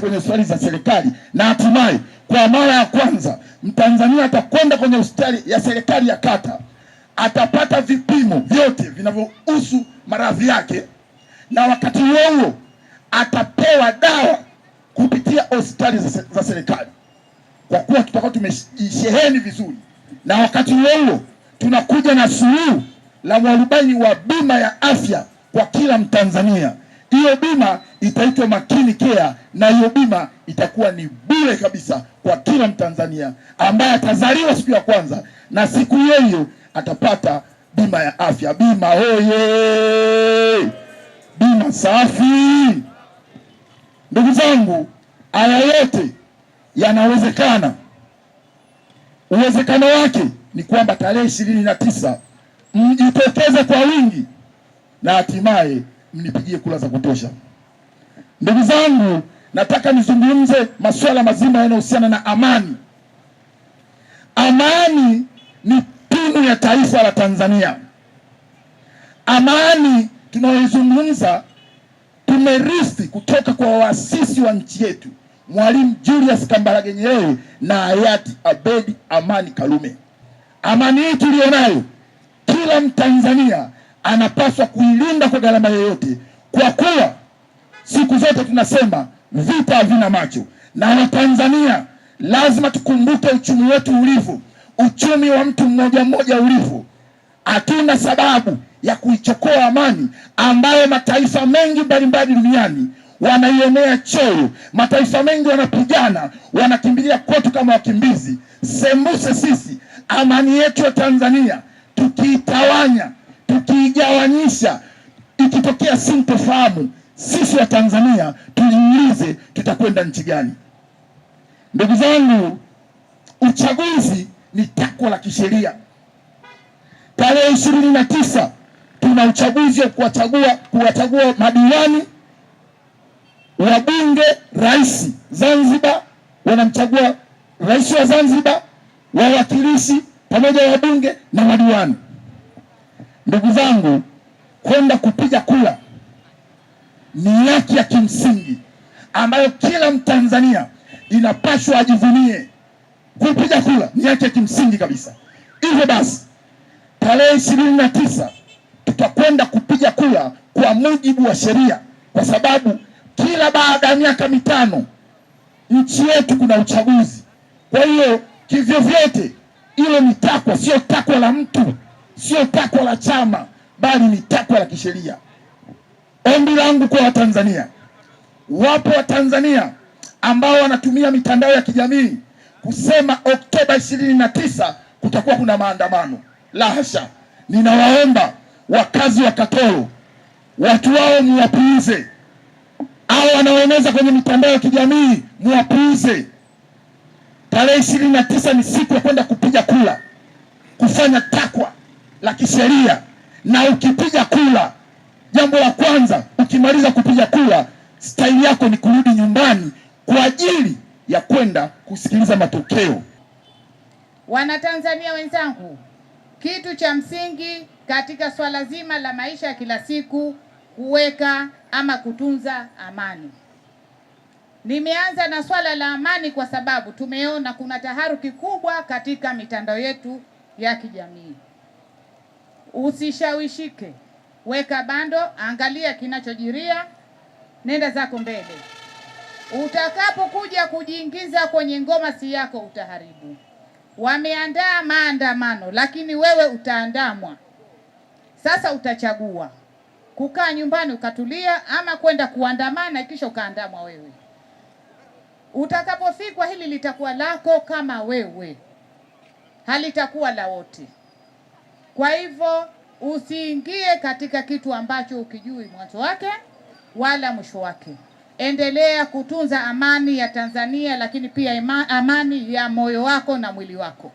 kwenye hospitali za serikali na hatimaye kwa mara ya kwanza Mtanzania atakwenda kwenye hospitali ya serikali ya kata, atapata vipimo vyote vinavyohusu maradhi yake, na wakati huo huo atapewa dawa kupitia hospitali za, za serikali, kwa kuwa tutakuwa tumesheheni vizuri, na wakati huo huo tunakuja na suluhu la mwarubaini wa bima ya afya kwa kila Mtanzania. Hiyo bima itaitwa Makini Care na hiyo bima itakuwa ni bure kabisa kwa kila Mtanzania ambaye atazaliwa siku ya kwanza na siku hiyo hiyo atapata bima ya afya. Bima hoye, bima safi. Ndugu zangu, haya yote yanawezekana. Uwezekano wake ni kwamba tarehe ishirini na tisa mjitokeze kwa wingi na hatimaye mnipigie kula za kutosha. Ndugu zangu, nataka nizungumze masuala mazima yanayohusiana na amani. Amani ni pinu ya taifa la Tanzania. Amani tunayoizungumza tumerithi kutoka kwa waasisi wa nchi yetu Mwalimu Julius Kambarage Nyerere na hayati Abedi Amani Karume. Amani hii tuliyonayo, kila Mtanzania anapaswa kuilinda kwa gharama yoyote, kwa kuwa siku zote tunasema vita havina macho. Na Watanzania lazima tukumbuke uchumi wetu ulivyo, uchumi wa mtu mmoja mmoja ulivyo. Hatuna sababu ya kuichokoa amani ambayo mataifa mengi mbalimbali duniani wanaionea choyo. Mataifa mengi wanapigana, wanakimbilia kwetu kama wakimbizi. Sembuse sisi amani yetu ya Tanzania tukiitawanya tukiigawanyisha ikitokea sintofahamu, sisi wa Tanzania tuliulize, tutakwenda nchi gani? Ndugu zangu, uchaguzi ni takwa la kisheria. Tarehe ishirini na tisa tuna uchaguzi wa kuwachagua kuwachagua madiwani, wabunge, rais. Zanzibar wanamchagua rais wa Zanzibar, wawakilishi pamoja na wabunge na madiwani. Ndugu zangu, kwenda kupiga kura ni haki ya kimsingi ambayo kila Mtanzania inapaswa ajivunie. Kupiga kura ni haki ya kimsingi kabisa. Hivyo basi, tarehe ishirini na tisa tutakwenda kupiga kura kwa mujibu wa sheria, kwa sababu kila baada ya miaka mitano nchi yetu kuna uchaguzi. Kwa hiyo, kivyovyote, ilo ni takwa, sio takwa la mtu sio takwa la chama, bali ni takwa la kisheria. Ombi langu kwa Watanzania, wapo Watanzania ambao wanatumia mitandao ya kijamii kusema Oktoba ishirini na tisa kutakuwa kuna maandamano. La hasha! Ninawaomba wakazi wa Katoro watu wao muwapuuze, au wanaoeneza kwenye mitandao ya kijamii muwapuuze. Tarehe ishirini na tisa ni siku ya kwenda kupiga kura, kufanya takwa la kisheria, na ukipiga kula, jambo la kwanza ukimaliza kupiga kula, staili yako ni kurudi nyumbani kwa ajili ya kwenda kusikiliza matokeo. Wanatanzania wenzangu, kitu cha msingi katika swala zima la maisha ya kila siku kuweka ama kutunza amani. Nimeanza na swala la amani kwa sababu tumeona kuna taharuki kubwa katika mitandao yetu ya kijamii. Usishawishike, weka bando, angalia kinachojiria, nenda zako mbele. Utakapokuja kujiingiza kwenye ngoma si yako, utaharibu. Wameandaa maandamano, lakini wewe utaandamwa. Sasa utachagua kukaa nyumbani ukatulia, ama kwenda kuandamana kisha ukaandamwa wewe. Utakapofikwa hili litakuwa lako kama wewe, halitakuwa la wote. Kwa hivyo usiingie katika kitu ambacho ukijui mwanzo wake wala mwisho wake. Endelea kutunza amani ya Tanzania, lakini pia ima, amani ya moyo wako na mwili wako.